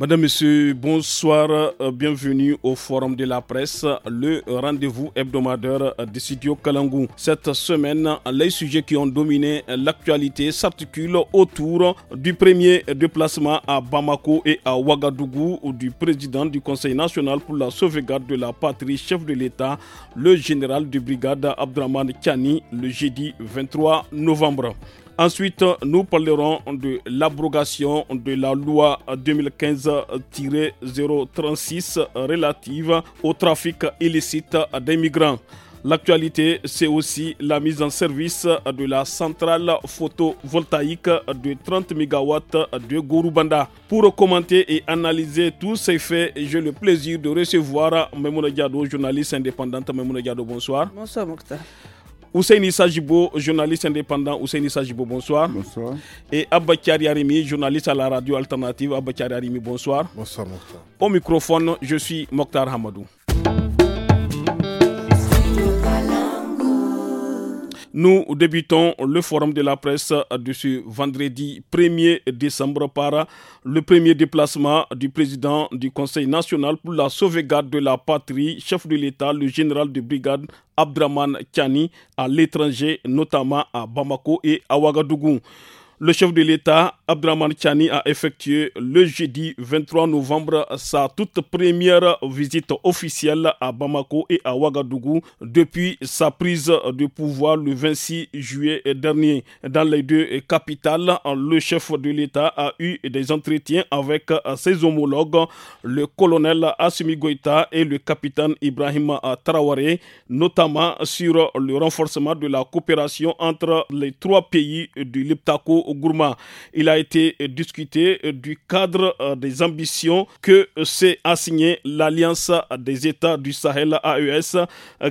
Madame, Monsieur, bonsoir. Euh, bienvenue au Forum de la presse, le rendez-vous hebdomadaire euh, de studio Kalangou. Cette semaine, les sujets qui ont dominé euh, l'actualité s'articulent autour du premier déplacement à Bamako et à Ouagadougou du président du Conseil national pour la sauvegarde de la patrie, chef de l'État, le général de brigade Abdraman Kiani, le jeudi 23 novembre. Ensuite, nous parlerons de l'abrogation de la loi 2015-036 relative au trafic illicite des migrants. L'actualité, c'est aussi la mise en service de la centrale photovoltaïque de 30 MW de Gorubanda. Pour commenter et analyser tous ces faits, j'ai le plaisir de recevoir Memouna Diado, journaliste indépendante. Memouna Diado, bonsoir. Bonsoir, Mokhtar. Ousseini Sajibo, journaliste indépendant. Ousseini Sajibo, bonsoir. Bonsoir. Et Abba Arimi, journaliste à la radio alternative. Abba Arimi, bonsoir. Bonsoir, Mokhtar. Au microphone, je suis Mokhtar Hamadou. Nous débutons le forum de la presse de ce vendredi 1er décembre par le premier déplacement du président du Conseil national pour la sauvegarde de la patrie, chef de l'État, le général de brigade Abdraman Kiani, à l'étranger, notamment à Bamako et à Ouagadougou. Le chef de l'État, Abdraman Chani, a effectué le jeudi 23 novembre sa toute première visite officielle à Bamako et à Ouagadougou depuis sa prise de pouvoir le 26 juillet dernier. Dans les deux capitales, le chef de l'État a eu des entretiens avec ses homologues, le colonel Assimi Goïta et le capitaine Ibrahim Traoré, notamment sur le renforcement de la coopération entre les trois pays du Liptako Gourma. Il a été euh, discuté euh, du cadre euh, des ambitions que s'est assignée l'Alliance des États du Sahel AES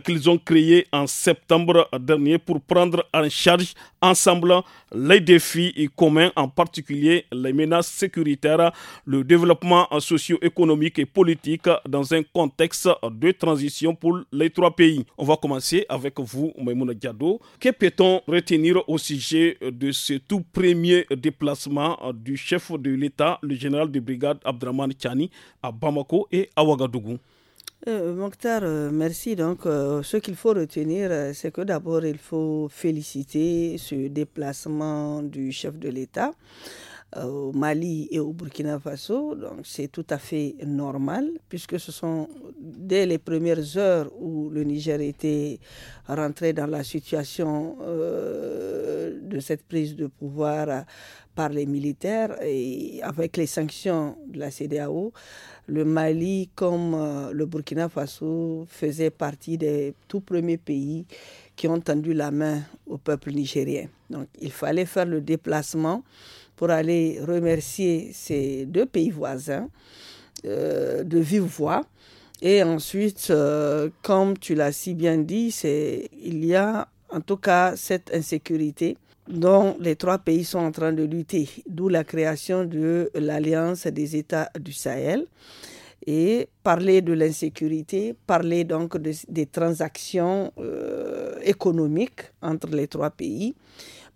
qu'ils ont créé en septembre dernier pour prendre en charge ensemble les défis communs, en particulier les menaces sécuritaires, le développement socio-économique et politique dans un contexte de transition pour les trois pays. On va commencer avec vous, Maimouna Diado. Que peut-on retenir au sujet de ce tout premier? premier déplacement euh, du chef de l'État, le général de brigade Abdraman Chani, à Bamako et à Ouagadougou. Euh, euh merci. Donc, euh, ce qu'il faut retenir, c'est que d'abord, il faut féliciter ce déplacement du chef de l'État. Euh, au Mali et au Burkina Faso. Donc c'est tout à fait normal puisque ce sont dès les premières heures où le Niger était rentré dans la situation euh, de cette prise de pouvoir euh, par les militaires et avec les sanctions de la CDAO, le Mali comme le Burkina Faso faisait partie des tout premiers pays qui ont tendu la main au peuple nigérien. Donc il fallait faire le déplacement pour aller remercier ces deux pays voisins euh, de vive voix. Et ensuite, euh, comme tu l'as si bien dit, il y a en tout cas cette insécurité dont les trois pays sont en train de lutter, d'où la création de l'Alliance des États du Sahel. Et parler de l'insécurité, parler donc des transactions euh, économiques entre les trois pays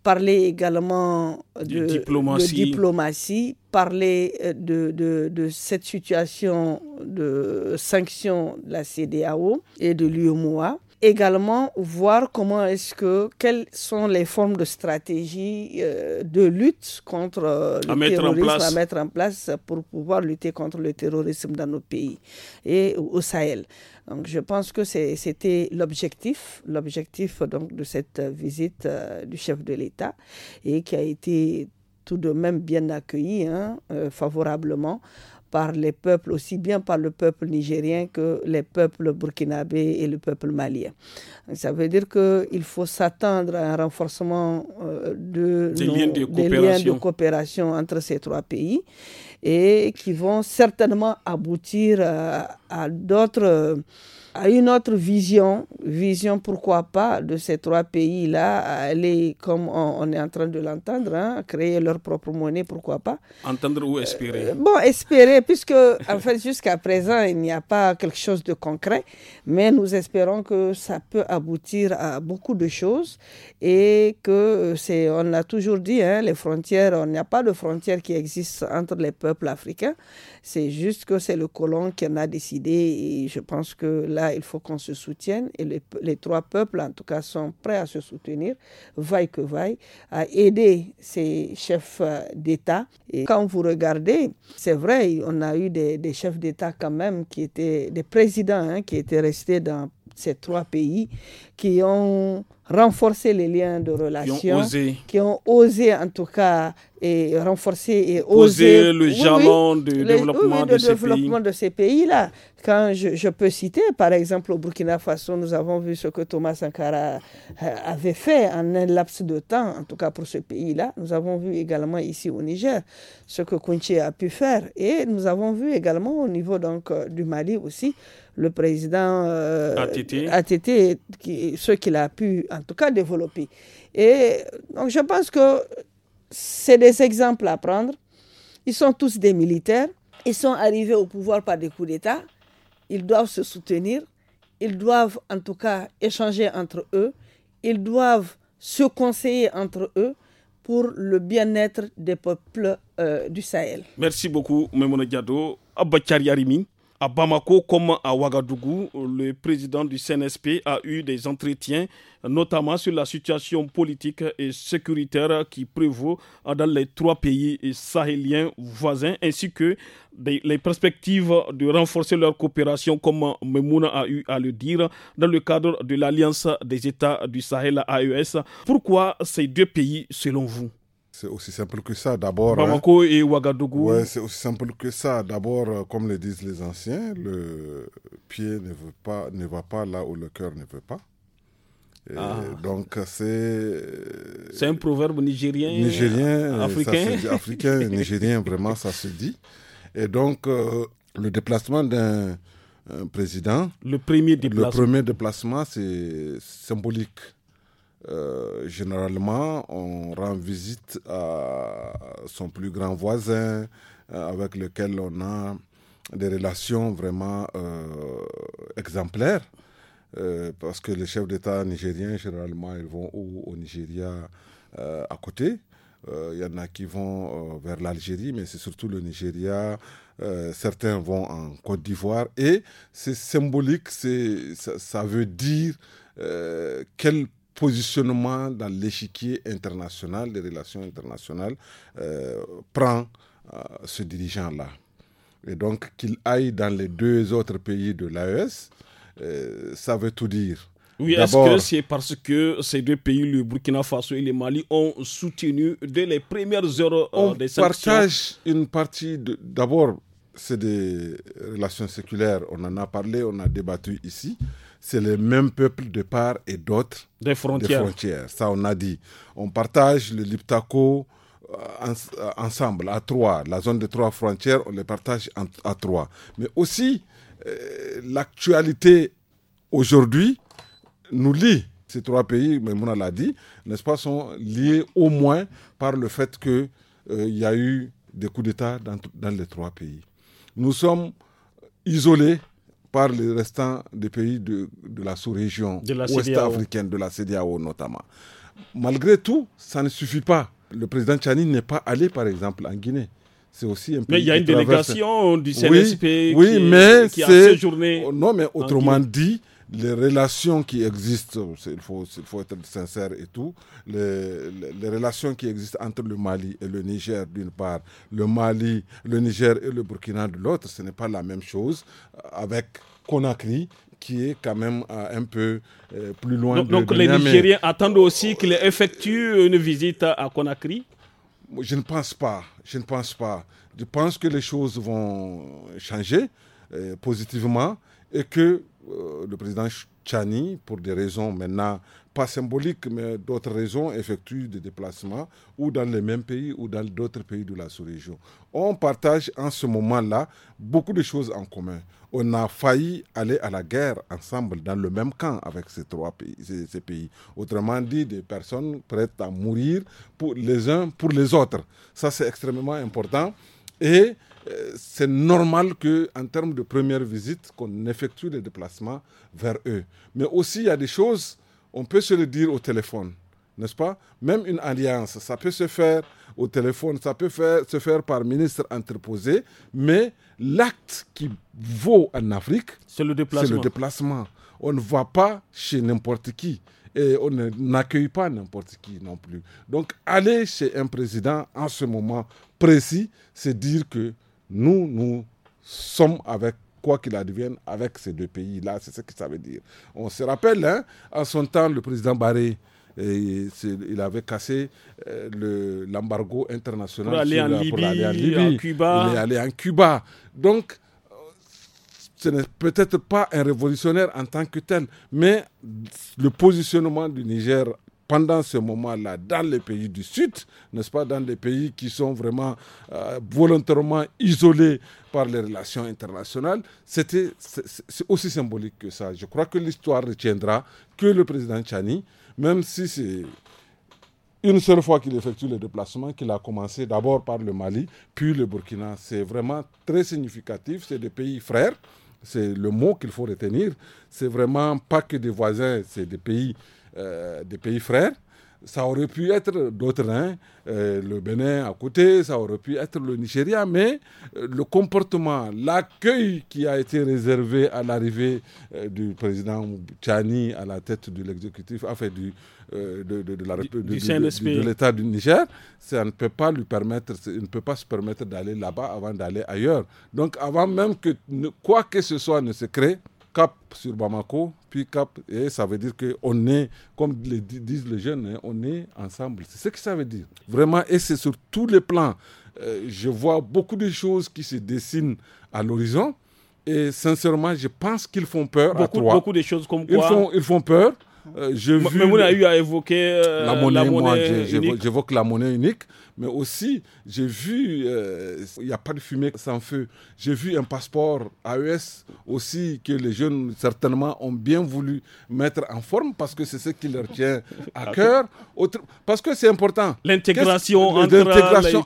parler également euh, de, diplomatie. parler euh, de, de, cette situation de sanction de la CDAO et de l'UMOA également voir comment est-ce que, quelles sont les formes de stratégie euh, de lutte contre euh, le terrorisme à mettre en place pour pouvoir lutter contre le terrorisme dans nos pays et au Sahel. Donc, je pense que c'était l'objectif, l'objectif donc de cette visite euh, du chef de l'État et qui a été tout de même bien accueilli hein, favorablement par les peuples, aussi bien par le peuple nigérien que les peuples burkinabés et le peuple malien. Ça veut dire qu'il faut s'attendre à un renforcement euh, de, des, liens de coopération entre ces trois pays et qui vont certainement aboutir à d'autres à une autre vision, vision pourquoi pas de ces trois pays-là, aller comme on, est en train de l'entendre, hein, créer leur propre monnaie, pourquoi pas. Entendre ou espérer euh, Bon, espérer, puisque en fait jusqu'à présent il n'y a pas quelque chose de concret, mais nous espérons que ça peut aboutir à beaucoup de choses et que euh, c'est, on a toujours dit, hein, les frontières, on n'y a pas de frontières qui existent entre les peuples africains, c'est juste que c'est le colon qui en a décidé et je pense que là, il faut qu'on se soutienne et les, trois peuples, en tout cas, sont prêts à se soutenir, vaille que vaille, à aider ces chefs euh, d'État. Et quand vous regardez, c'est vrai, on a eu des, chefs d'État quand même qui étaient des présidents hein, qui étaient restés dans ces trois pays qui ont renforcé les liens de relations, qui ont osé en tout cas et renforcer et oser le oui, jalon du développement, de, développement ces de, ces pays. là Quand je, peux citer, par exemple, au Burkina Faso, nous avons vu ce que Thomas Sankara euh, avait fait en un laps de temps, en tout cas pour ce pays-là. Nous avons vu également ici au Niger ce que Kounché a pu faire. Et nous avons vu également au niveau donc, euh, du Mali aussi le président euh, ATT, ce qu'il a pu en tout cas développer. Et donc je pense que c'est des exemples à prendre. Ils sont tous des militaires. Ils sont arrivés au pouvoir par des coups d'État. Ils doivent se soutenir. Ils doivent en tout cas échanger entre eux. Ils doivent se conseiller entre eux pour le bien-être des peuples euh, du Sahel. Merci beaucoup, Mme Diado. Abba à Bamako comme à Ouagadougou, le président du CNSP a eu des entretiens, notamment sur la situation politique et sécuritaire qui prévaut dans les trois pays sahéliens voisins, ainsi que les perspectives de renforcer leur coopération, comme Memouna a eu à le dire, dans le cadre de l'Alliance des États du Sahel AES. Pourquoi ces deux pays, selon vous c'est aussi simple que ça. D'abord. Hein. Ouais, c'est aussi simple que ça. D'abord, euh, comme le disent les anciens, le pied ne, veut pas, ne va pas là où le cœur ne veut pas. Ah. Donc c'est euh, c'est un proverbe nigérien, nigérien euh, africain, dit, africain, nigérien vraiment ça se dit. Et donc le déplacement d'un président, le premier déplacement, le premier déplacement c'est symbolique. Euh, généralement, on rend visite à son plus grand voisin euh, avec lequel on a des relations vraiment euh, exemplaires. parce que les chefs d'État nigériens, généralement, ils vont au, au Nigeria à côté. Il y en a qui vont vers l'Algérie, mais c'est surtout le Nigeria. certains vont en Côte d'Ivoire. Et c'est symbolique, ça, ça, veut dire quelle positionnement dans l'échiquier international, des relations internationales, euh, prend euh, ce dirigeant-là. Et donc qu'il aille dans les deux autres pays de l'AES, euh, ça veut tout dire. Oui, est-ce que c'est parce que ces deux pays, le Burkina Faso et le Mali, ont soutenu dès les premières heures des sanctions partage une partie, d'abord, c'est des relations séculaires, on en a parlé, on a débattu ici c'est le même peuple de part et d'autre des frontières. Ça, on a dit. On partage le Liptako euh, euh, ensemble, à trois. La zone de trois frontières, on les partage à trois. Mais aussi, euh, l'actualité aujourd'hui nous lie. Ces trois pays, Mais Mouna l'a dit, n'est-ce pas, sont liés au moins par le fait qu'il il y a eu des coups d'État dans, dans les trois pays. Nous sommes isolés par les restants des pays de, de la sous-région ouest-africaine, de la CDAO notamment. Malgré tout, ça ne suffit pas. Le président Chani n'est pas allé, par exemple, en Guinée. C'est aussi un pays Mais il y a une délégation du CNSP oui, qui, mais qui a séjourné. Oh, non, mais autrement dit, les relations qui existent, il faut, il faut être sincère et tout, les, relations qui existent entre le Mali et le Niger d'une part, le Mali, le Niger et le Burkina de l'autre, ce n'est pas la même chose euh, avec Conakry qui est quand même euh, un peu euh, plus loin. Donc, donc les Nigériens attendent aussi qu'ils effectuent une visite à Conakry Je ne pense pas, je ne pense pas. Je pense que les choses vont changer positivement et que euh, le président Chani, pour des raisons maintenant pas symboliques, mais d'autres raisons, effectue des déplacements ou dans les mêmes pays ou dans d'autres pays de la sous-région. On partage en ce moment-là beaucoup de choses en commun. On a failli aller à la guerre ensemble dans le même camp avec ces trois pays, ces pays. Autrement dit, des personnes prêtes à mourir pour les uns pour les autres. Ça, c'est extrêmement important. Et euh, c'est normal que, en termes de première visite, qu'on effectue des déplacements vers eux. Mais aussi, il y a des choses, on peut se le dire au téléphone, n'est-ce pas Même une alliance, ça peut se faire au téléphone, ça peut faire, se faire par ministre interposé, mais l'acte qui vaut en Afrique, c'est le le déplacement. On ne va pas chez n'importe qui et on n'accueille pas n'importe qui non plus. Donc aller chez un président en ce moment précis, c'est dire que nous, nous sommes avec quoi qu'il advienne avec ces deux pays-là, c'est ce que ça veut dire. On se rappelle, hein, en son temps, le président Barré, il avait cassé euh, l'embargo international pour aller, en Libye, Cuba. Il est allé en Cuba. Donc, ce n'est peut-être pas un révolutionnaire en tant que tel, mais le positionnement du Niger pendant ce moment-là dans les pays du Sud, n'est-ce pas, dans les pays qui sont vraiment euh, volontairement isolés par les relations internationales, c'était aussi symbolique que ça. Je crois que l'histoire retiendra que le président Chani, même si c'est une seule fois qu'il effectue le déplacement, qu'il a commencé d'abord par le Mali, puis le Burkina, c'est vraiment très significatif. C'est des pays frères, c'est le mot qu'il faut retenir. C'est vraiment pas que des voisins, c'est des pays euh, des pays frères. Ça aurait pu être d'autres, hein. euh, le Bénin à côté, ça aurait pu être le Nigeria, mais euh, le comportement, l'accueil qui a été réservé à l'arrivée du président Tchani à la tête de l'exécutif, enfin du, de, de, de, de, l'État du Niger, ça ne peut pas lui permettre, il ne peut pas se permettre d'aller là-bas avant d'aller ailleurs. Donc avant même que quoi que ce soit ne se crée, cap sur Bamako, puis cap, et ça veut dire qu'on est, comme le disent les jeunes, hein, on est ensemble. C'est ce que ça veut dire. Vraiment, et c'est sur tous les plans. Euh, je vois beaucoup de choses qui se dessinent à l'horizon, et sincèrement, je pense qu'ils font peur. Beaucoup, beaucoup de choses comme quoi. Ils font, ils peur. Euh, je mais on a eu à évoquer euh, la monnaie. j'évoque la monnaie unique. Mais aussi, j'ai vu, euh, il n'y a pas de fumée sans feu. J'ai vu un passeport AES aussi que les jeunes certainement ont bien voulu mettre en forme parce que c'est ce qui leur tient à ah, cœur. parce que c'est important. L'intégration entre l'intégration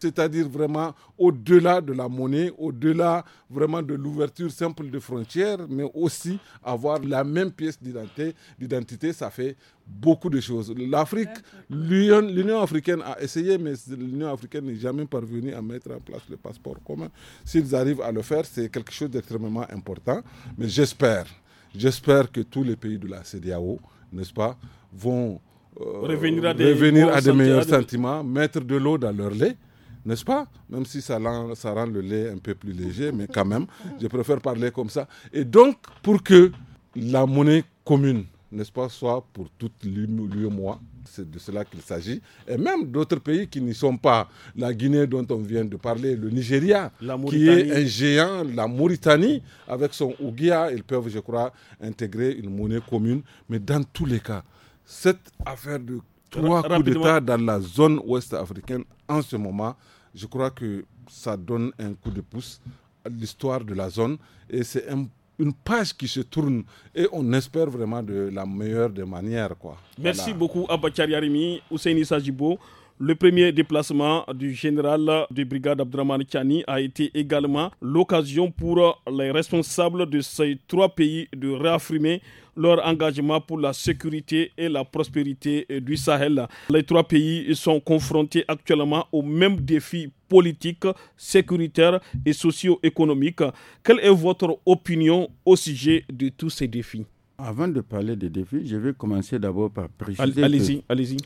c'est-à-dire vraiment au-delà de la monnaie, au-delà vraiment de l'ouverture simple de frontières, mais aussi avoir la même pièce d'identité. D'identité, ça fait beaucoup de choses. L'Afrique, l'Union africaine a essayé, mais l'Union africaine n'est jamais parvenue à mettre en place le passeport commun. S'ils arrivent à le faire, c'est quelque chose d'extrêmement important. Mais j'espère, j'espère que tous les pays de la CDAO, n'est-ce pas, vont euh, revenir à des, à des meilleurs sentiments, mettre de l'eau dans leur lait n'est-ce pas Même si ça ça rend, le lait un peu plus léger, mais quand même, je préfère parler comme ça. Et donc, pour que la monnaie commune n'est-ce pas, soit pour toute l'UMOA, C'est de cela qu'il s'agit. Et même d'autres pays qui n'y sont pas. La Guinée dont on vient de parler, le Nigeria, qui est un géant, la Mauritanie, avec son Ougia, ils peuvent, je crois, intégrer une monnaie commune. Mais dans tous les cas, cette affaire de trois coups d'État dans la zone ouest africaine en ce moment, je crois que ça donne un coup de pouce à l'histoire de la zone. Et c'est un une page qui se tourne et on espère vraiment de la meilleure des manières. Merci beaucoup Abachari Arimi, Ousseini Sajibo. Le premier déplacement du général de brigade Abdraman Chani a été également l'occasion pour les responsables de ces trois pays de réaffirmer leur engagement pour la sécurité et la prospérité euh, du Sahel. Les trois pays sont confrontés actuellement aux mêmes défis politiques, sécuritaires et socio-économiques. Quelle est votre opinion au sujet de tous ces défis Avant de parler des défis, je vais commencer d'abord par préciser. Allez-y, allez-y.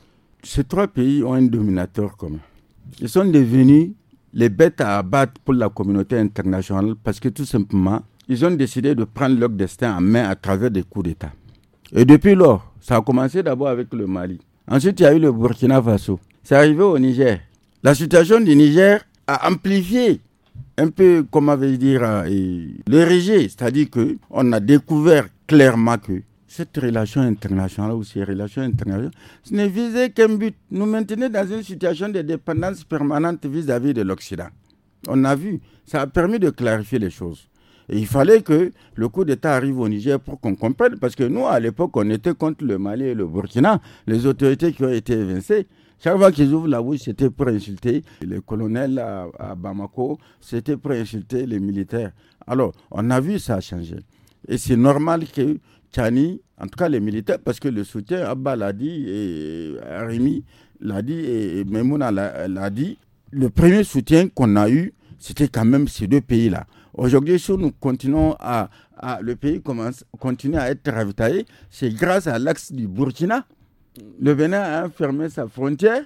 Ces trois pays ont un dominateur commun. Ils sont devenus les bêtes à abattre pour la communauté internationale parce que tout simplement, ils ont décidé de prendre leur destin en main à travers des coups d'État. Et depuis lors, ça a commencé d'abord avec le Mali. Ensuite, il y a eu le Burkina Faso. C'est arrivé au Niger. La situation du Niger a amplifié un peu, comment vais-je dire, hein, l'ériger. C'est-à-dire qu'on a découvert clairement que cette relation internationale ou ces relations internationales, ce n'est visé qu'un but, nous maintenir dans une situation de dépendance permanente vis à -vis de l'Occident. On a vu, ça a permis de clarifier les choses il fallait que le coup d'État arrive au Niger pour qu'on comprenne, parce que nous, à l'époque, on était contre le Mali et le Burkina, les autorités qui ont été évincées. Chaque fois qu'ils ouvrent la bouche, c'était pour insulter les colonels à, Bamako, c'était pour insulter les militaires. Alors, on a vu ça changer. Et c'est normal que Tchani, en tout cas les militaires, parce que le soutien, Abba l'a dit, et Rémi l'a dit, et Memouna l'a dit, le premier soutien qu'on a eu, c'était quand même ces deux pays-là. Aujourd'hui, si nous continuons à, le pays continue à être ravitaillé, c'est grâce à l'axe du Burkina. Le Bénin a fermé sa frontière.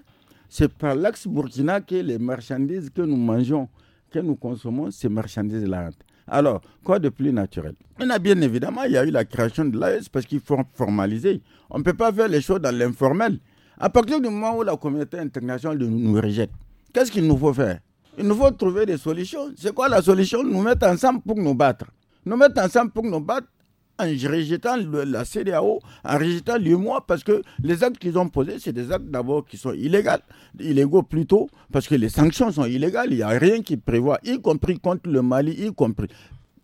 C'est par l'axe Burkina que les marchandises que nous mangeons, que nous consommons, ces marchandises-là Alors, quoi de plus naturel On a bien évidemment, il y a eu la création de l'AES parce qu'il faut formaliser. On ne peut pas faire les choses dans l'informel. À partir du moment où la communauté internationale nous rejette, qu'est-ce qu'il nous faut faire il nous faut trouver des solutions. C'est quoi la solution Nous mettre ensemble pour nous battre. Nous mettre ensemble pour nous battre en rejetant la CDAO, en rejetant l'UMOA, parce que les actes qu'ils ont posés, c'est des actes d'abord qui sont illégaux, illégaux plutôt, parce que les sanctions sont illégales, il n'y a rien qui prévoit, y compris contre le Mali, y compris.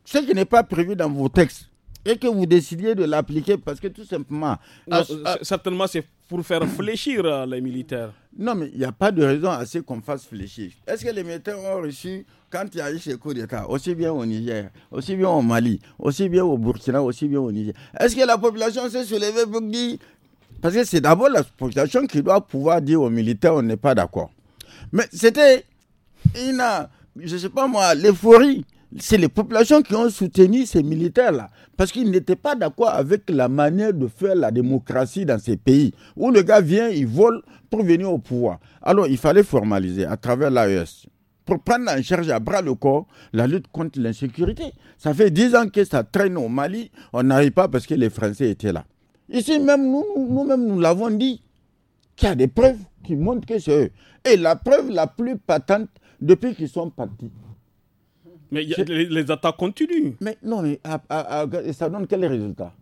Ce qui n'est pas prévu dans vos textes, et que vous décidiez de l'appliquer, parce que tout simplement... Euh, euh, certainement, c'est pour faire fléchir euh, les militaires. Non, mais il n'y a pas de raison à ce qu'on fasse fléchir. Est-ce que les militaires ont reçu, quand il y a eu ces coups d'État, aussi bien au Niger, aussi bien au Mali, aussi bien au Burkina, aussi bien au Niger, est-ce que la population s'est soulevée pour dire. Parce que c'est d'abord la population qui doit pouvoir dire aux militaires on n'est pas d'accord. Mais c'était une, je ne sais pas moi, l'euphorie c'est les populations qui ont soutenu ces militaires-là, parce qu'ils n'étaient pas d'accord avec la manière de faire la démocratie dans ces pays, où le gars vient, il vole pour venir au pouvoir. Alors il fallait formaliser à travers l'AES pour prendre en charge à bras le corps la lutte contre l'insécurité. Ça fait dix ans que ça traîne au Mali, on n'arrive pas parce que les Français étaient là. Ici même, nous, mêmes nous l'avons dit, qu'il y a des preuves qui montrent que c'est eux. Et la preuve la plus patente depuis qu'ils sont partis, mais les, attaques continuent. Mais non, mais ça donne quel résultats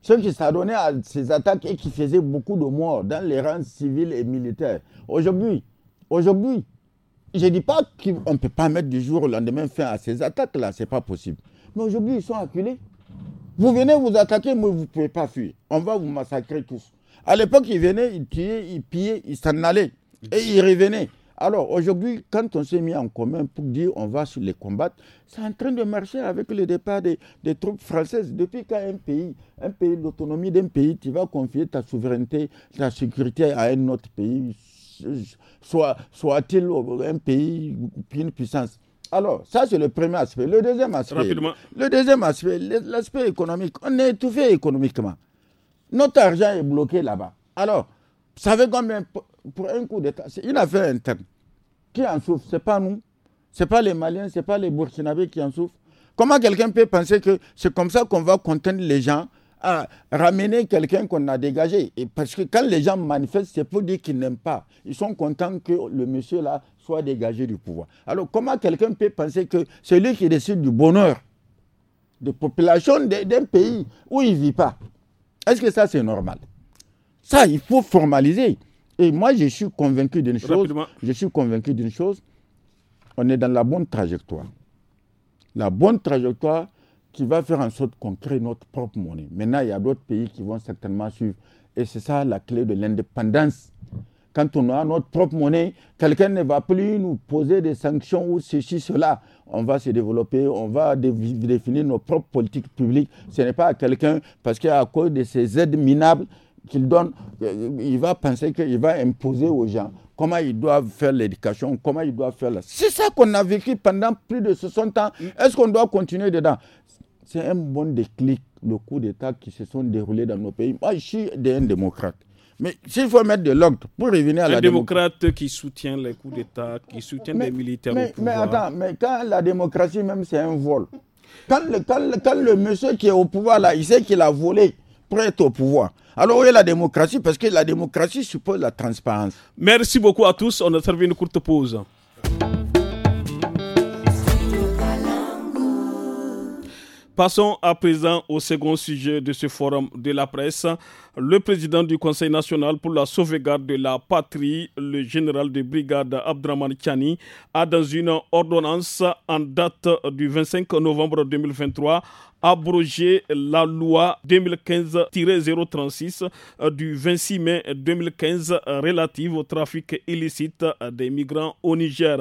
Ceux qui s'adonnaient à ces attaques et qui faisaient beaucoup de morts dans les rangs civils et militaires. Aujourd'hui, aujourd'hui, je ne dis pas qu'on ne peut pas mettre du jour au lendemain fin à ces attaques-là, ce n'est pas possible. Mais aujourd'hui, ils sont acculés. Vous venez vous attaquer, mais vous ne pouvez pas fuir. On va vous massacrer tous. À l'époque, ils venaient, ils tuaient, ils pillaient, ils s'en allaient. Et ils revenaient. Alors aujourd'hui, quand on s'est mis en commun pour dire on va sur les combattre, c'est en train de marcher avec le départ des, des troupes françaises. Depuis qu'un un pays, un pays, l'autonomie d'un pays, tu vas confier ta souveraineté, ta sécurité à un autre pays, soit, soit-il un pays, une puissance. Alors, ça, c'est le premier aspect. Le deuxième aspect, le deuxième aspect, l'aspect économique. On est étouffé économiquement. Notre argent est bloqué là-bas. Alors, vous savez combien pour un coup d'État a fait un terme. Qui en souffre Ce n'est pas nous. Ce n'est pas les Maliens, ce n'est pas les Burkinabés qui en souffrent. Comment quelqu'un peut penser que c'est comme ça qu'on va contenir les gens à ramener quelqu'un qu'on a dégagé. Et parce que quand les gens manifestent, c'est pour dire qu'ils n'aiment pas. Ils sont contents que le monsieur là soit dégagé du pouvoir. Alors comment quelqu'un peut penser que c'est lui qui décide du bonheur de population d'un pays où il ne vit pas, est-ce que ça c'est normal ça, il faut formaliser. Et moi, je suis convaincu d'une chose. Je suis convaincu d'une chose. On est dans la bonne trajectoire. La bonne trajectoire qui va faire en sorte qu'on crée notre propre monnaie. Maintenant, il y a d'autres pays qui vont certainement suivre. Et c'est ça la clé de l'indépendance. Quand on a notre propre monnaie, quelqu'un ne va plus nous poser des sanctions ou ceci, cela. On va se développer, on va définir nos propres politiques publiques. Ce n'est pas à quelqu'un, parce qu'à cause de ces aides minables, qu'il donne, il va penser qu'il va imposer aux gens comment ils doivent faire l'éducation, comment ils doivent faire la... C'est ça qu'on a vécu pendant plus de 60 ans. Est-ce qu'on doit continuer dedans C'est un bon déclic, le coup d'État qui se sont déroulés dans nos pays. Moi, je suis un démocrate. Mais s'il faut mettre de l'ordre pour revenir à un la démocrate qui soutient les coups d'État, qui soutient les militaires mais, au pouvoir. Mais attends, mais quand la démocratie même, c'est un vol. Quand le, quand, quand le monsieur qui est au pouvoir, là, il sait qu'il a volé être au pouvoir. Alors où est la démocratie Parce que la démocratie suppose la transparence. Merci beaucoup à tous. On a servi une courte pause. Passons à présent au second sujet de ce forum de la presse. Le président du Conseil national pour la sauvegarde de la patrie, le général de brigade Abdraman Chani, a dans une ordonnance en date du 25 novembre 2023 abrogé la loi 2015-036 euh, du 26 mai 2015 relative au trafic illicite des migrants au Niger.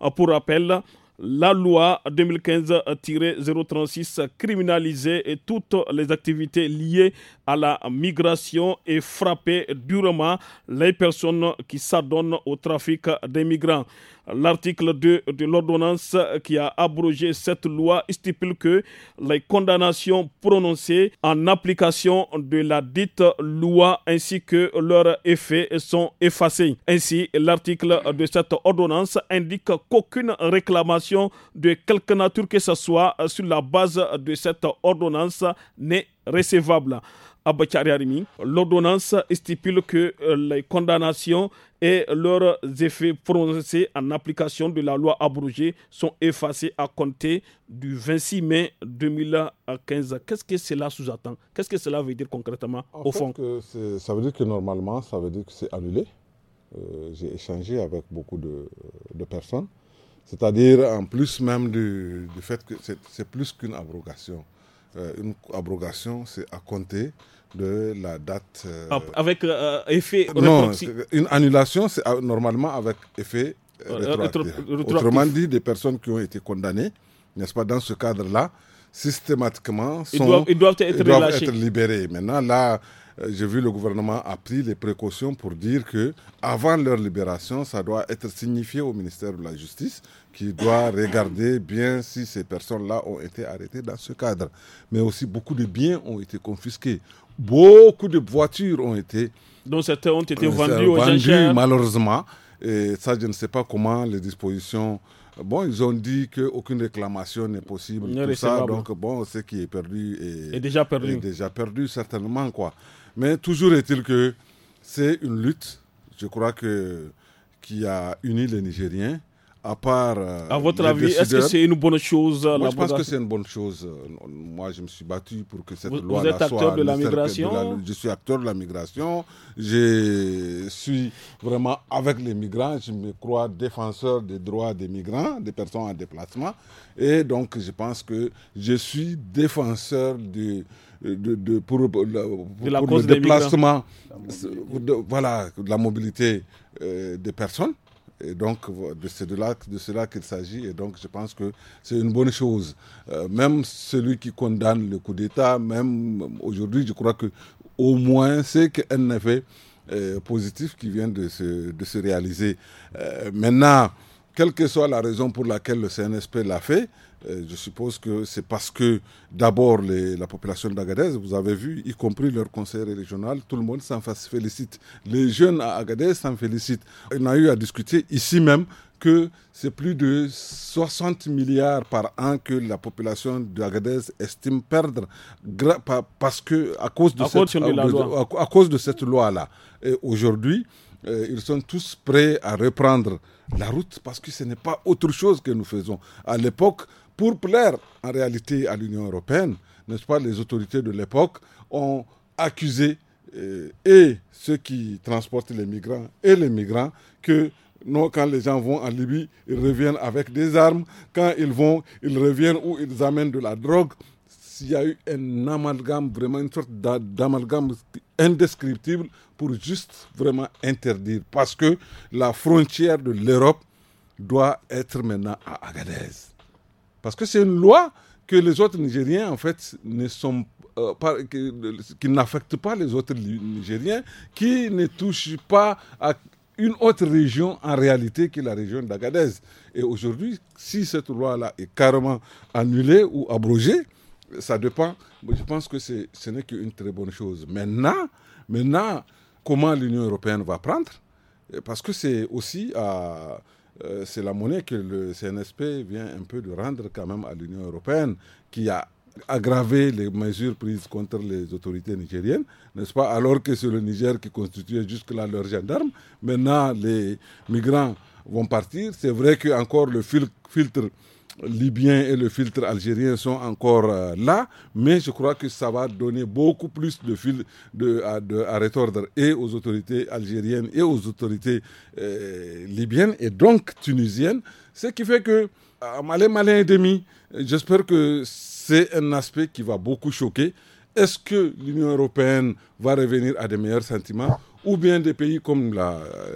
Euh, pour rappel, la loi 2015-036 euh, criminalisait euh, toutes les activités liées à la migration et frappait durement les personnes qui s'adonnent au trafic des migrants. L'article 2 de l'ordonnance qui a abrogé cette loi stipule que les condamnations prononcées en application de la dite loi ainsi que leurs effets sont effacés. Ainsi, l'article de cette ordonnance indique qu'aucune réclamation de quelque nature que ce soit sur la base de cette ordonnance n'est recevable l'ordonnance stipule que euh, les condamnations et leurs effets prononcés en application de la loi abrogée sont effacés à compter du 26 mai 2015. Qu'est-ce que cela sous-attend Qu'est-ce que cela veut dire concrètement au fond euh, Ça veut dire que normalement, ça veut dire que c'est annulé. Euh, j'ai échangé avec beaucoup de, personnes. C'est-à-dire, en plus même du fait que c'est plus qu'une abrogation. Euh, une abrogation, c'est à compter de la date. Euh, ah, avec effet euh, effet Non, une annulation, c'est normalement avec effet rétroactif. Autrement dit, des personnes qui ont été condamnées, n'est-ce pas, dans ce cadre-là, systématiquement, sont, ils doivent, être, doivent être libérés. Maintenant, là, euh, j'ai vu le gouvernement a pris les précautions pour dire que avant leur libération, ça doit être signifié au ministère de la Justice qui doit regarder bien si ces personnes-là ont été arrêtées dans ce cadre. Mais aussi beaucoup de biens ont été confisqués. Beaucoup de voitures ont été... dont certains ont été euh, aux malheureusement. Et ça, je ne sais pas comment les dispositions... Bon, ils ont dit qu'aucune réclamation n'est possible. tout ça, donc, bon, ce qui est perdu est, déjà perdu. Est déjà perdu, certainement, quoi. Mais toujours est-il que c'est une lutte, je crois que qui a uni les Nigériens. À part. Euh, à votre avis, est-ce que c'est une bonne chose euh, Moi, je pense que c'est une bonne chose. Moi, je me suis battu pour que cette vous, loi vous êtes acteur de la migration. je suis acteur de la migration. Je suis vraiment avec les migrants. Je me crois défenseur des droits des migrants, des personnes en déplacement. Et donc, je pense que je suis défenseur de euh, de, pour, euh, la le déplacement, euh, de, voilà, la mobilité des personnes. Et donc, c'est de, de cela qu'il s'agit. Et donc, je pense que c'est une bonne chose. même celui qui condamne le coup d'État, même aujourd'hui, je crois que au moins c'est un effet positif qui vient de se, de se réaliser. maintenant, quelle que soit la raison pour laquelle le CNSP l'a fait, euh, je suppose que c'est parce que d'abord la population d'Agadez, vous avez vu, y compris leur conseil régional, tout le monde s'en félicite. Les jeunes à Agadez s'en félicitent. On a eu à discuter ici même que c'est plus de 60 milliards par an que la population d'Agadez estime perdre parce que à cause de cette, loi. cause de cette loi là. Aujourd'hui, euh, ils sont tous prêts à reprendre la route parce que ce n'est pas autre chose que nous faisons. À l'époque, pour plaire en réalité à l'Union européenne, n'est-ce pas, les autorités de l'époque ont accusé euh, et ceux qui transportent les migrants et les migrants que non, quand les gens vont en Libye, ils reviennent avec des armes. Quand ils vont, ils reviennent ou ils amènent de la drogue. S'il y a eu un amalgame, vraiment une sorte d'amalgame indescriptible pour juste vraiment interdire. Parce que la frontière de l'Europe doit être maintenant à Agadez. Parce que c'est une loi que les autres Nigériens, en fait, ne sont euh, qui, n'affecte pas les autres Nigériens, qui ne touche pas à une autre région en réalité que la région d'Agadez. Et aujourd'hui, si cette loi-là est carrément annulée ou abrogée, ça dépend. Je pense que ce n'est qu'une très bonne chose. Maintenant, maintenant comment l'Union européenne va prendre Parce que c'est aussi à. Euh, c'est la monnaie que le CNSP vient un peu de rendre quand même à l'Union européenne, qui a aggravé les mesures prises contre les autorités nigériennes, n'est-ce pas Alors que c'est le Niger qui constituait jusque-là leur gendarme. Maintenant, les migrants vont partir. C'est vrai que encore le filtre libyen et le filtre algérien sont encore euh, là, mais je crois que ça va donner beaucoup plus de fil à, de, retordre et aux autorités algériennes et aux autorités euh, libyennes et donc tunisiennes, ce qui fait que à malin, malin et demi, j'espère que c'est un aspect qui va beaucoup choquer. Est-ce que l'Union européenne va revenir à des meilleurs sentiments ou bien des pays comme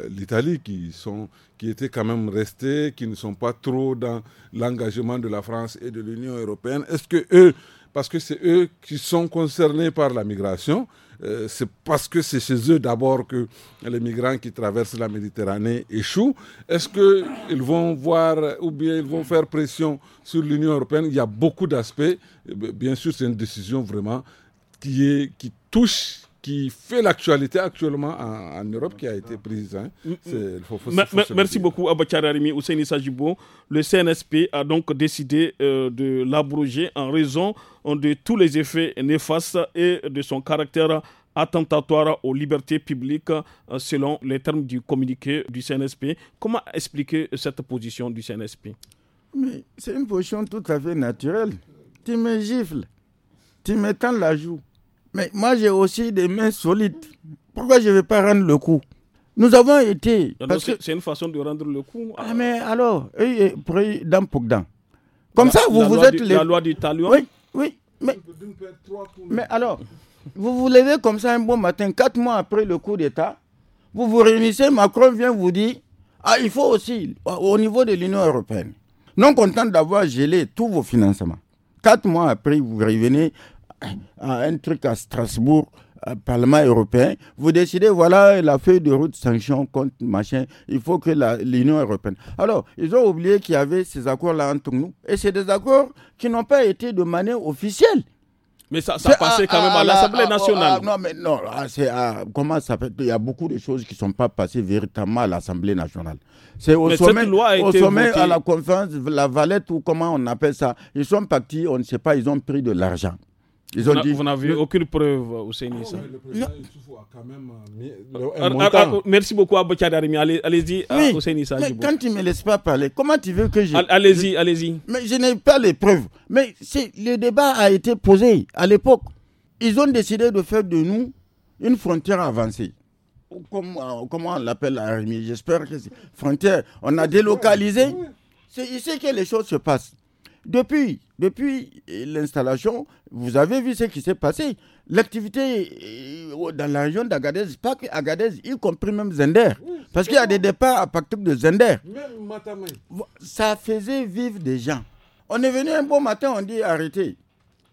l'Italie qui, sont, qui étaient quand même restés, qui ne sont pas trop dans l'engagement de la France et de l'Union européenne. Est-ce que eux, parce que c'est eux qui sont concernés par la migration, euh, c'est parce que c'est chez eux d'abord que les migrants qui traversent la Méditerranée échouent. Est-ce qu'ils vont voir ou bien ils vont faire pression sur l'Union européenne Il y a beaucoup d'aspects. Bien sûr, c'est une décision vraiment qui, est, qui touche qui fait l'actualité actuellement en, Europe, qui a été président. Hein. Mm, mm. merci beaucoup, Abachar Arimi Ousseini Sajibo. Le CNSP a donc décidé euh, de l'abroger en raison de tous les effets néfastes et de son caractère attentatoire aux libertés publiques euh, selon les termes du communiqué du CNSP. Comment expliquer cette position du CNSP Mais c'est une position tout à fait naturelle. Tu me gifles, tu m'étends la joue. Mais moi, j'ai aussi des mains solides. Pourquoi je ne vais pas rendre le coup Nous avons été. Parce que... C'est une façon de rendre le coup. Ah, mais alors, dans Pogdan. Comme ça, vous, vous êtes. La loi du talion Oui, oui. Mais, mais alors, vous vous levez comme ça un bon matin, quatre mois après le coup d'État, vous vous réunissez, Macron vient vous dire ah, il faut aussi, au niveau de l'Union européenne, non content d'avoir gelé tous vos financements, quatre mois après, vous revenez un truc à Strasbourg, euh, Parlement européen, vous décidez, voilà la feuille de route sanction contre machin, il faut que l'Union européenne. Alors, ils ont oublié qu'il y avait ces accords-là entre nous, et c'est des accords qui n'ont pas été de manière officielle. Mais ça, ça passait quand même à, l'Assemblée nationale. non, mais non, ah, comment ça Il y a beaucoup de choses qui ne sont pas passées véritablement à l'Assemblée nationale. C'est au sommet, au sommet à la conférence, la Valette ou comment on appelle ça. Ils sont partis, on ne sait pas, ils ont pris de l'argent. Ils ont dit. Vous n'avez aucune preuve au euh, CNI, ah, euh, ah, ah, Merci beaucoup, Abouchad Arimi. Allez-y, allez quand tu ne me laisses pas parler, comment tu veux que je. Allez-y, allez-y. Mais je n'ai pas les preuves. Mais le débat a été posé à l'époque. Ils ont décidé de faire de nous une frontière avancée. Comment, euh, comment on l'appelle Arimi J'espère que c'est. Frontière. On a délocalisé. C'est ici que les choses se passent. Depuis depuis l'installation, vous avez vu ce qui s'est passé. L'activité euh, dans la région d'Agadez, pas que Agadez, y compris même Zender. Parce qu'il y a des départs à partir de Zender. Ça faisait vivre des gens. On est venu un beau matin, on dit arrêtez.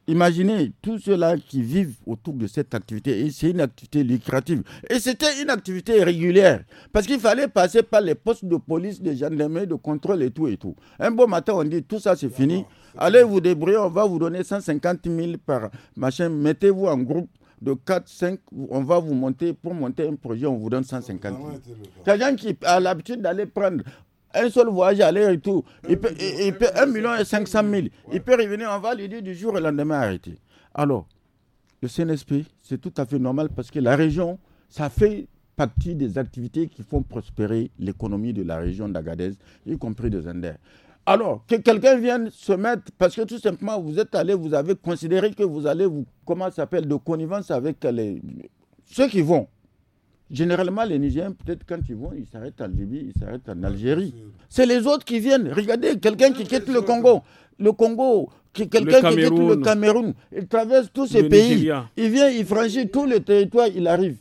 Imaginez tous ceux-là qui vivent autour de cette activité. Et c'est une activité lucrative. Et c'était une activité régulière. Parce qu'il fallait passer par les postes de police, de gendarmerie, de contrôle et tout et tout. Un beau matin, on dit tout ça c'est fini. Allez vous débrouiller, on va vous donner 150 000 par machin. Mettez-vous en groupe de 4, 5, on va vous monter, pour monter un projet, on vous donne 150 000. Quelqu'un qui a l'habitude d'aller prendre un seul voyage à l'air et tout, il, peut 1 million 500 000, il peut revenir, on va lui du jour au lendemain arrêter. Alors, le CNSP, c'est tout à fait normal parce que la région, ça fait partie des activités qui font prospérer l'économie de la région d'Agadez, y compris de Zinder. Alors que quelqu'un vienne se mettre, parce que tout simplement, vous êtes allé, vous avez considéré que vous allez vous, comment ça s'appelle, de connivence avec les, ceux qui vont. Généralement, les Nigériens, peut-être quand ils vont, ils s'arrêtent en Libye, ils s'arrêtent en Algérie. C'est les autres qui viennent. Regardez, quelqu'un qui quitte le Congo. Le Congo, quelqu'un qui quitte le Cameroun. Il traverse tous ces pays. Il vient, il franchit tous les territoires, il arrive.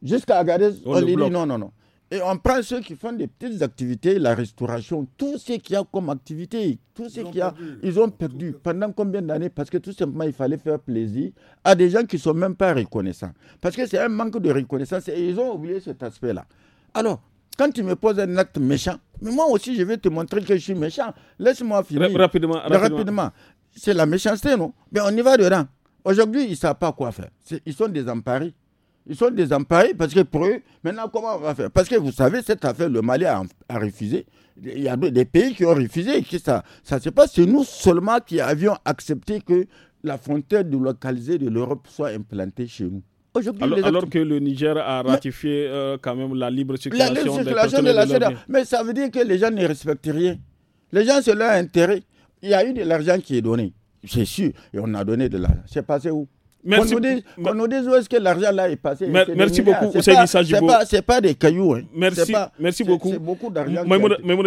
Jusqu'à Agadez, on, non, non, non. Et on prend ceux qui font des petites activités, la restauration, tout ce qu'il y a comme activité, tout ce qu'il y a, ils ont perdu pendant combien d'années Parce que tout simplement, il fallait faire plaisir à des gens qui ne sont même pas reconnaissants. Parce que c'est un manque de reconnaissance et ils ont oublié cet aspect-là. Alors, quand tu me poses un acte méchant, mais moi aussi, je vais te montrer que je suis méchant. Laisse-moi finir. Rapidement, rapidement. C'est la méchanceté, non Mais on y va dedans. Aujourd'hui, ils ne savent pas quoi faire. Ils sont désemparés. Ils sont désemparés parce que pour eux, maintenant, comment on va faire Parce que vous savez, cette affaire, le Mali a, refusé. Il y a des pays qui ont refusé. ça ça se passe. C'est nous seulement qui avions accepté que la frontière délocalisée de l'Europe soit implantée chez nous. Alors, que le Niger a ratifié euh, quand même la libre circulation, de la Mais ça veut dire que les gens ne respectent rien. Les gens, c'est leur intérêt. Il y a eu de l'argent qui est donné, c'est sûr. Et on a donné de l'argent. C'est passé où Merci. Qu'on nous, nous dise, où est-ce que l'argent là est passé. merci beaucoup, Ousseini Sajibo. Ce n'est pas des cailloux. Hein. Merci, merci beaucoup. C'est beaucoup d'argent.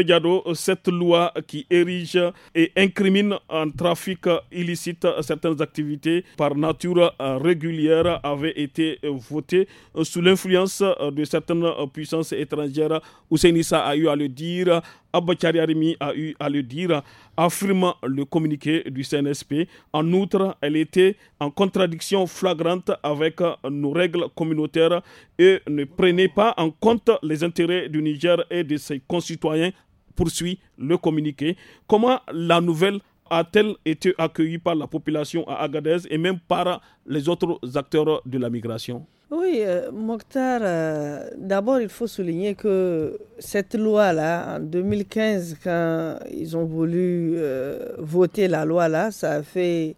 Diado, cette loi qui érige et incrimine en trafic illicite certaines activités par nature régulière avait été votée sous l'influence de certaines puissances étrangères. Nissa a eu à le dire Abba Arimi a eu à le dire, affirmant le communiqué du CNSP. En outre, elle était en contradiction flagrante avec nos règles communautaires et ne prenait pas en compte les intérêts du Niger et de ses concitoyens, poursuit le communiqué. Comment la nouvelle a-t-elle été accueillie par la population à Agadez et même par les autres acteurs de la migration oui, euh, Mokhtar, euh, d'abord il faut souligner que cette loi-là, en 2015, quand ils ont voulu euh, voter la loi-là, ça a fait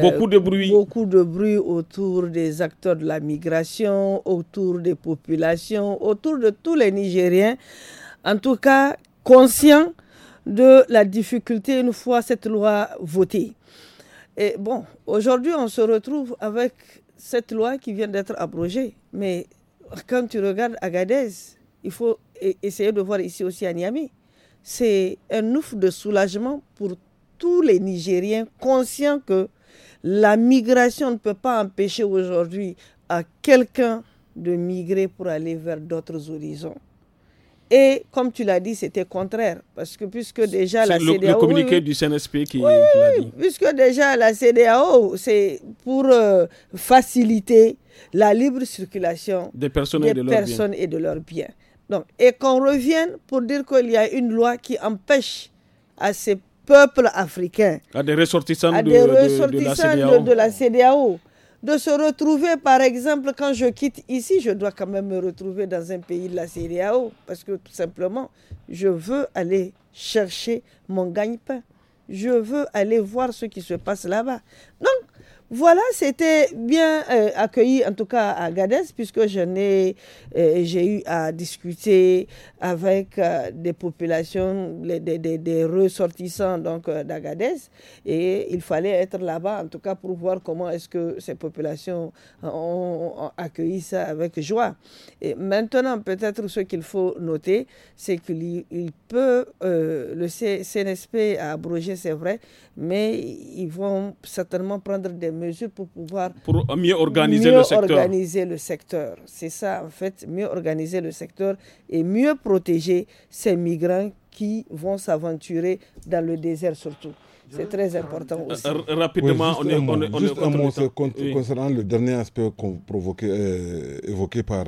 beaucoup de bruit. Beaucoup de bruit autour des acteurs de la migration, autour des populations, autour de tous les Nigériens, en tout cas conscients de la difficulté une fois cette loi votée. Et bon, aujourd'hui, on se retrouve avec cette loi qui vient d'être abrogée. Mais quand tu regardes Agadez, il faut e-, essayer de voir ici aussi à Niamey. C'est un ouf de soulagement pour tous les Nigériens conscients que la migration ne peut pas empêcher aujourd'hui à quelqu'un de migrer pour aller vers d'autres horizons. Et comme tu l'as dit, c'était contraire. Parce que puisque déjà la le, communiqué du CNSP qui, l'a dit. Puisque déjà la CDAO, c'est pour euh, faciliter la libre circulation des personnes, et, de leurs biens. Donc, et qu'on revienne pour dire qu'il y a une loi qui empêche à ces peuples africains. À des ressortissants, la De, la CDAO de se retrouver, par exemple, quand je quitte ici, je dois quand même me retrouver dans un pays de la CDAO, parce que tout simplement, je veux aller chercher mon gagne-pain. Je veux aller voir ce qui se passe là-bas. Donc, voilà, c'était bien euh, accueilli en tout cas à Gades, puisque euh, j'ai eu à discuter avec euh, des populations, des, ressortissants donc d'Agadez, et il fallait être là-bas en tout cas pour voir comment est-ce que ces populations ont, accueilli ça avec joie. Et maintenant, peut-être ce qu'il faut noter, c'est qu'il peut, le CNSP a abrogé, c'est vrai, mais ils vont certainement prendre des mesures mesures pour pouvoir pour mieux organiser le secteur. organiser le secteur. C'est ça en fait, mieux organiser le secteur et mieux protéger ces migrants qui vont s'aventurer dans le désert surtout. C'est très important aussi. Euh, euh, rapidement, on est, juste un mot le concernant le dernier aspect provoqué, euh, évoqué par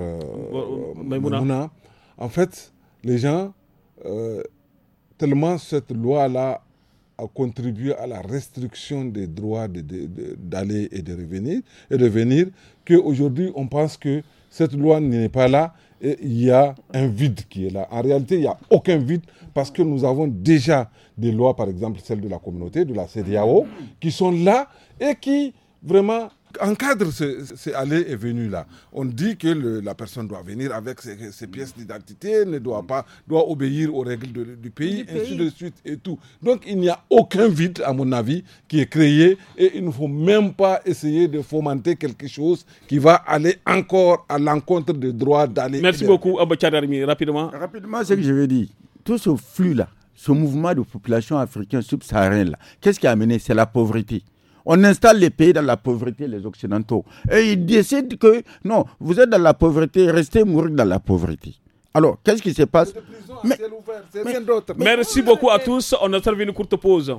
Mouna. En fait, les gens, tellement cette loi-là a contribué à la restriction des droits d'aller et de revenir, et de venir, qu'aujourd'hui, on pense que cette loi n'est pas là et il y a un vide qui est là. En réalité, il n'y a aucun vide parce que nous avons déjà des lois, par exemple celle de la communauté, de la CDAO, qui sont là et qui vraiment encadre c'est aller et venu là. On dit que la personne doit venir avec ses, pièces d'identité, ne doit pas, doit obéir aux règles du pays, et ainsi de suite et tout. Donc il n'y a aucun vide, à mon avis, qui est créé et il ne faut même pas essayer de fomenter quelque chose qui va aller encore à l'encontre des droits d'aller. Merci beaucoup, Abou Rapidement. Rapidement, ce que je veux dire. Tout ce flux-là, ce mouvement de population africaine subsaharienne-là, qu'est-ce qui a amené C'est la pauvreté. On installe les pays dans la pauvreté, les Occidentaux. Et ils décident que, non, vous êtes dans la pauvreté, restez mourir dans la pauvreté. Alors, qu'est-ce qui se passe Merci beaucoup à tous. On a servi une courte pause.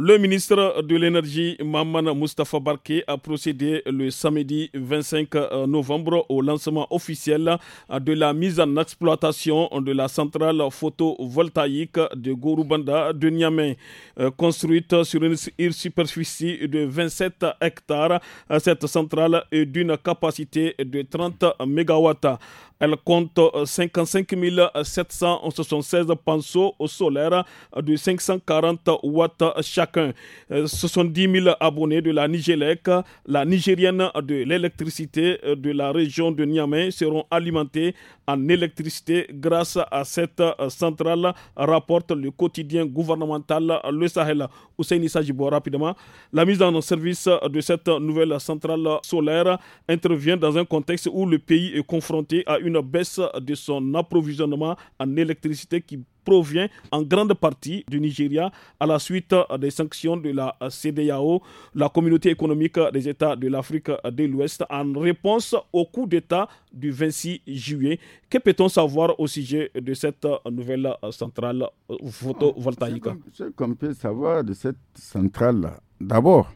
Le ministre de l'Énergie, Maman Mustafa Barke, a procédé le samedi 25 euh, novembre au lancement officiel de la mise en exploitation de la centrale photovoltaïque de Gorubanda de Niamey. Euh, construite sur une superficie de 27 hectares, cette centrale est d'une capacité de 30 MW. Elle compte 55 euh, 776 euh, pinceaux solaires euh, de 540 watts chacun. 70 000 abonnés de la Nigélec, la Nigérienne de l'électricité de la région de Niamey seront alimentés en électricité grâce à cette centrale, rapporte le quotidien gouvernemental Le Sahel. Hussein Sajibo, rapidement. La mise en service de cette nouvelle centrale solaire intervient dans un contexte où le pays est confronté à une une baisse de son approvisionnement en électricité qui provient en grande partie du Nigeria à la suite des sanctions de la CDAO, la communauté économique des États de l'Afrique de l'Ouest, en réponse au coup d'État du 26 juillet. Que peut-on savoir au sujet de cette nouvelle centrale photovoltaïque Ce qu'on peut savoir de cette centrale, d'abord,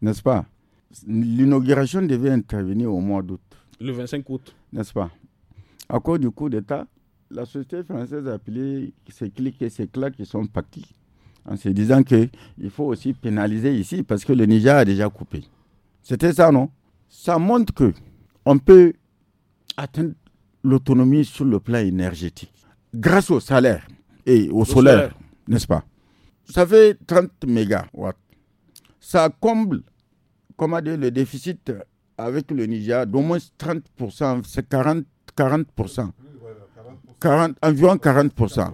n'est-ce pas L'inauguration devait intervenir au mois d'août. Le 25 août. N'est-ce pas à cause du coup d'État, la société française a appelé ces clics et ces clacs qui sont partis en se disant qu'il faut aussi pénaliser ici parce que le Niger a déjà coupé. C'était ça, non Ça montre que on peut atteindre l'autonomie sur le plan énergétique grâce au salaire et au, solaire, n'est-ce pas Ça fait 30 mégawatts. Ça comble, comment dire, le déficit avec le Niger d'au moins 30%, c'est 40 40%. 40 environ 40%.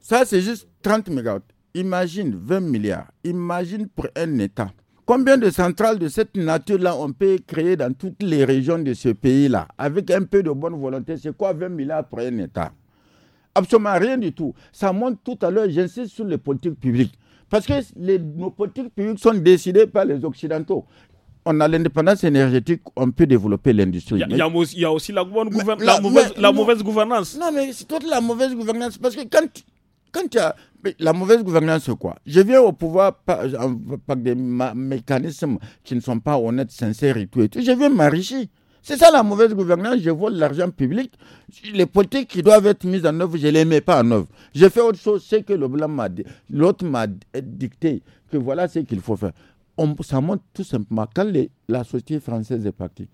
Ça, c'est juste 30 mégawatts. Imagine 20 milliards. Imagine pour un État. Combien de centrales de cette nature-là on peut créer dans toutes les régions de ce pays-là Avec un peu de bonne volonté, c'est quoi 20 milliards pour un État Absolument rien du tout. Ça montre tout à l'heure, j'insiste sur les politiques publiques. Parce que les, nos politiques publiques sont décidées par les Occidentaux on a l'indépendance énergétique, on peut développer l'industrie. Il y, a aussi la, mauvaise, gouvernance. Non, mais c'est toute la mauvaise gouvernance. Parce que quand, quand tu as. la mauvaise gouvernance, c'est quoi Je viens au pouvoir par, des mécanismes qui ne sont pas honnêtes, sincères et tout. Et Je viens m'enrichir. C'est ça la mauvaise gouvernance. Je vole l'argent public. Les politiques qui doivent être mises en œuvre, je ne les mets pas en œuvre. Je fais autre chose. C'est que le blanc l'autre m'a dicté que voilà ce qu'il faut faire ça montre tout simplement, quand la société française est partie,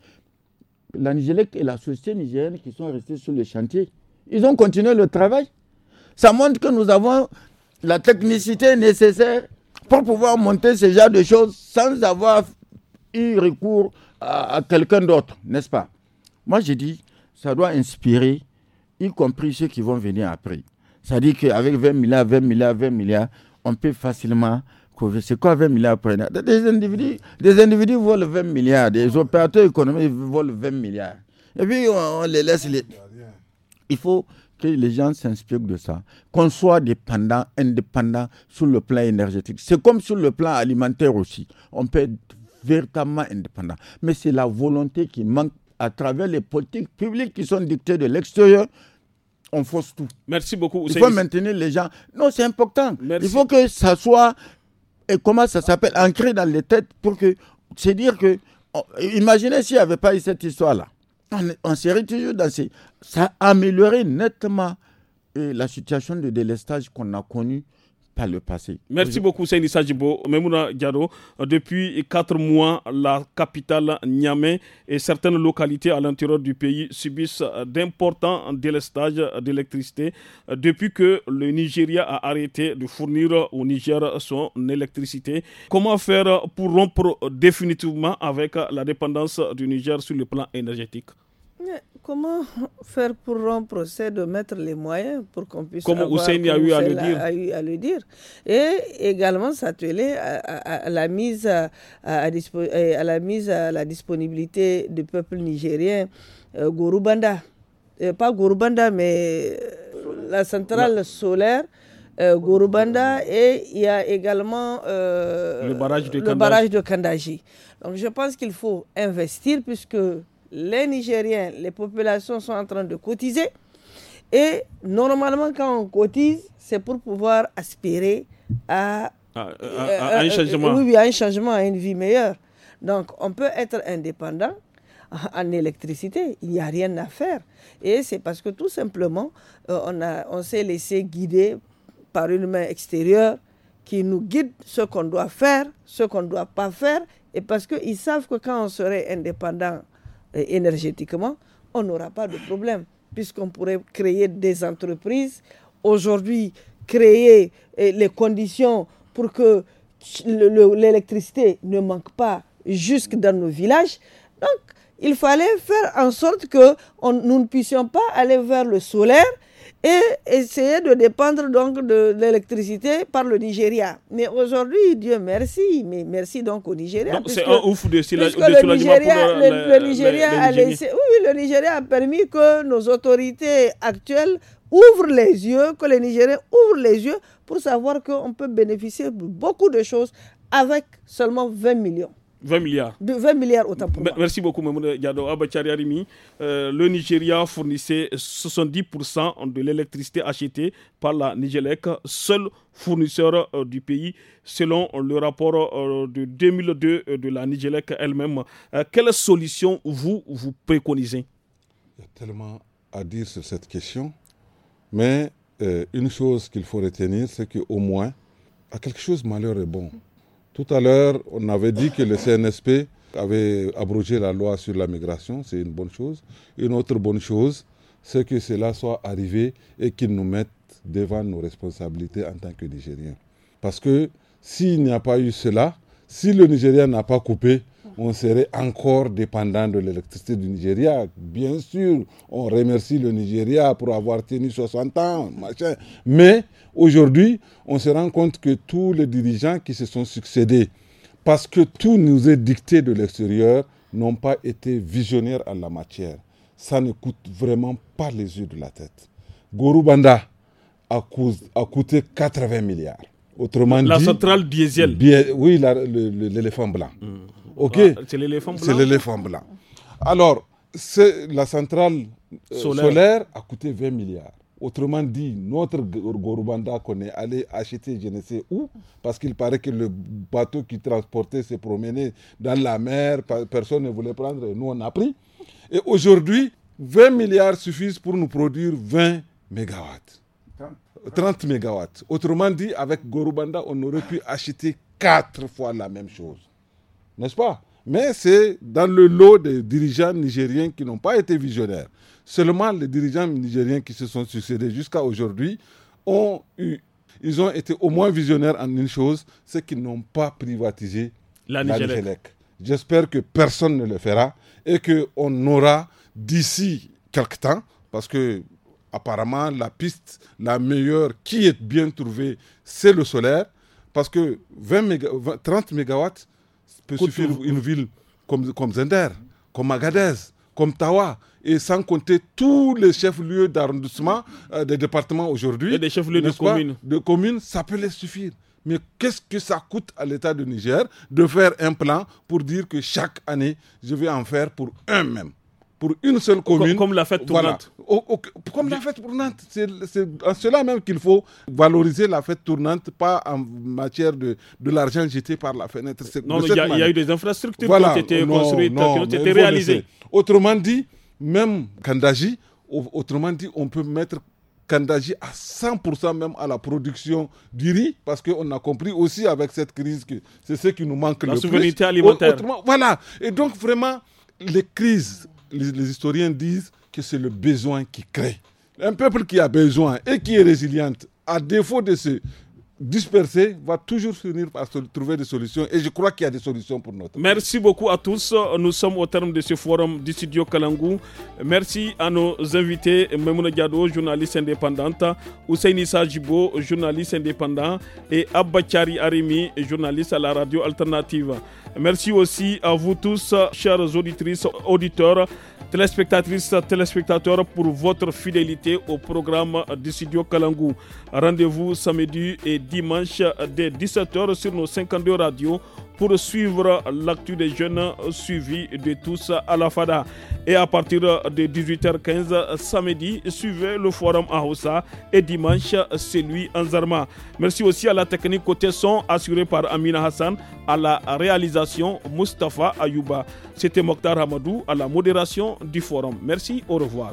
l'Angélec et la société nigérienne qui sont restés sur le chantier, ils ont continué le travail. Ça montre que nous avons la technicité nécessaire pour pouvoir monter ce genre de choses sans avoir eu recours à, quelqu'un d'autre, n'est-ce pas Moi, j'ai dit, ça doit inspirer, y compris ceux qui vont venir après. Ça dit qu'avec 20 milliards, 20 milliards, 20 milliards, on peut facilement c'est quoi 20 milliards pour des individus, des individus volent 20 milliards, des opérateurs économiques volent 20 milliards. Et puis on, les laisse. Les... Il faut que les gens s'inspirent de ça, qu'on soit dépendant, indépendant sur le plan énergétique. C'est comme sur le plan alimentaire aussi. On peut être véritablement indépendant. Mais c'est la volonté qui manque à travers les politiques publiques qui sont dictées de l'extérieur on force tout. Merci beaucoup. Il faut maintenir les gens. Non, c'est important. Il faut que ça soit et comment ça s'appelle ancré dans les têtes pour que c'est dire que imaginez s'il n'y avait pas eu cette histoire là on, serait toujours dans ces ça améliorerait nettement euh, la situation de délestage qu'on a connue Merci beaucoup, Seyni Sajibo. Memouna Diado, depuis quatre mois, la capitale Niamey et certaines localités à l'intérieur du pays subissent d'importants délestages d'électricité depuis que le Nigeria a arrêté de fournir au Niger son électricité. Comment faire pour rompre définitivement avec la dépendance du Niger sur le plan énergétique comment faire pour un procès de mettre les moyens pour qu'on puisse. Comme avoir, Hussein a, eu à, a le dire. Et également s'atteler à, la mise à, la mise à la disponibilité du peuple nigérien euh, Gorubanda. Euh, pas Gorubanda, mais euh, la centrale solaire. Gorubanda et il y a également le barrage Barrage de Kandaji. Donc je pense qu'il faut investir puisque les Nigériens, les populations sont en train de cotiser. Et normalement, quand on cotise, c'est pour pouvoir aspirer à, un changement. à un changement, une vie meilleure. Donc, on peut être indépendant en électricité. Il n'y a rien à faire. Et c'est parce que tout simplement, euh, on, a, on s'est laissé guider par une main extérieure qui nous guide ce qu'on doit faire, ce qu'on ne doit pas faire. Et parce qu'ils savent que quand on serait indépendant, énergétiquement, on n'aura pas de problème, puisqu'on pourrait créer des entreprises. Aujourd'hui, créer eh, les conditions pour que l'électricité ne manque pas jusque dans nos villages. Donc, il fallait faire en sorte que nous ne puissions pas aller vers le solaire et essayer de dépendre donc de, l'électricité par le Nigeria. Mais aujourd'hui, Dieu merci, mais merci donc au Nigeria. c'est un ouf de, soulagement le, Nigeria, a le Nigeria a permis que nos autorités actuelles ouvrent les yeux, que les Nigériens ouvrent les yeux pour savoir qu'on peut bénéficier de beaucoup de choses avec seulement 20 millions. 20 milliards. 20 milliards autant pour Merci beaucoup, Mme Diado. Abachari euh, le Nigeria fournissait 70% de l'électricité achetée par la Nigelec, seul fournisseur euh, du pays, selon le rapport euh, de 2002 de la Nigelec elle-même. quelle solution vous, vous préconisez Il y a tellement à dire sur cette question, mais une chose qu'il faut retenir, c'est qu'au moins, à quelque chose, malheur est bon. Tout à l'heure, on avait dit que le CNSP avait abrogé la loi sur la migration, c'est une bonne chose. Une autre bonne chose, c'est que cela soit arrivé et qu'il nous mette devant nos responsabilités en tant que Nigériens. Parce que s'il n'y a pas eu cela, si le Nigérien n'a pas coupé, on serait encore dépendant de l'électricité du Nigeria. Bien sûr, on remercie le Nigeria pour avoir tenu 60 ans, machin. Mais aujourd'hui, on se rend compte que tous les dirigeants qui se sont succédés, parce que tout nous est dicté de l'extérieur, n'ont pas été visionnaires en la matière. Ça ne coûte vraiment pas les yeux de la tête. Gorubanda a, a coûté 80 milliards. Autrement la centrale diesel. Bien, oui, l'éléphant blanc. Mm. Ok. Ah, c'est l'éléphant blanc. C'est Alors, la centrale euh, solaire. a coûté 20 milliards. Autrement dit, notre Gorubanda qu'on est allé acheter je ne sais où, parce qu'il paraît que le bateau qui transportait s'est promené dans la mer, personne ne voulait prendre, et nous on a pris. Et aujourd'hui, 20 milliards suffisent pour nous produire 20 mégawatts. 30 mégawatts. Autrement dit, avec Gorubanda, on aurait pu acheter 4 fois la même chose n'est-ce pas Mais c'est dans le lot des dirigeants nigériens qui n'ont pas été visionnaires. Seulement les dirigeants nigériens qui se sont succédés jusqu'à aujourd'hui ont eu, ils ont été au moins visionnaires en une chose, c'est qu'ils n'ont pas privatisé la, J'espère que personne ne le fera et qu'on aura d'ici quelque temps, parce que apparemment la piste la meilleure qui est bien trouvée, c'est le solaire, parce que 20 30 mégawatts, peut suffire une ville comme, comme Zender, comme Agadez, comme Tawa, et sans compter tous les chefs-lieux d'arrondissement euh, des départements aujourd'hui. Et des chefs-lieux de communes. De ça peut les suffire. Mais qu'est-ce que ça coûte à l'État de Niger de faire un plan pour dire que chaque année, je vais en faire pour un même pour une seule commune. Comme, la fête tournante. comme la fête tournante. C'est en cela même qu'il faut valoriser la fête tournante, pas en matière de, de l'argent jeté par la fenêtre. Non, il y, a eu des infrastructures qui ont été construites, qui ont été réalisées. Autrement dit, même Kandaji, autrement dit, on peut mettre Kandaji à 100% même à la production du riz, parce qu'on a compris aussi avec cette crise que c'est ce qui nous manque le plus. La souveraineté alimentaire. voilà. Et donc, vraiment, les crises les, historiens disent que c'est le besoin qui crée. Un peuple qui a besoin et qui est résiliente, à défaut de se disperser, va toujours finir par trouver des solutions. Et je crois qu'il y a des solutions pour notre. Merci beaucoup à tous. Nous sommes au terme de ce forum du studio Kalangou. Merci à nos invités, Memouna Diado, journaliste indépendante, Hussein journaliste indépendant, et Abba Chari Arimi, journaliste à la radio alternative. Merci aussi à vous tous, chers auditrices, auditeurs, téléspectatrices, téléspectateurs, pour votre fidélité au programme du studio Kalangou. Rendez-vous samedi et dimanche dès 17h sur nos 52 radios pour suivre l'actu des jeunes suivis de tous à la FADA. Et à partir de 18h15 samedi, suivez le forum à et dimanche, celui en Zarma. Merci aussi à la technique côté son assurée par Amina Hassan, à la réalisation Mustafa Ayuba. C'était Mokhtar Hamadou à la modération du forum. Merci, au revoir.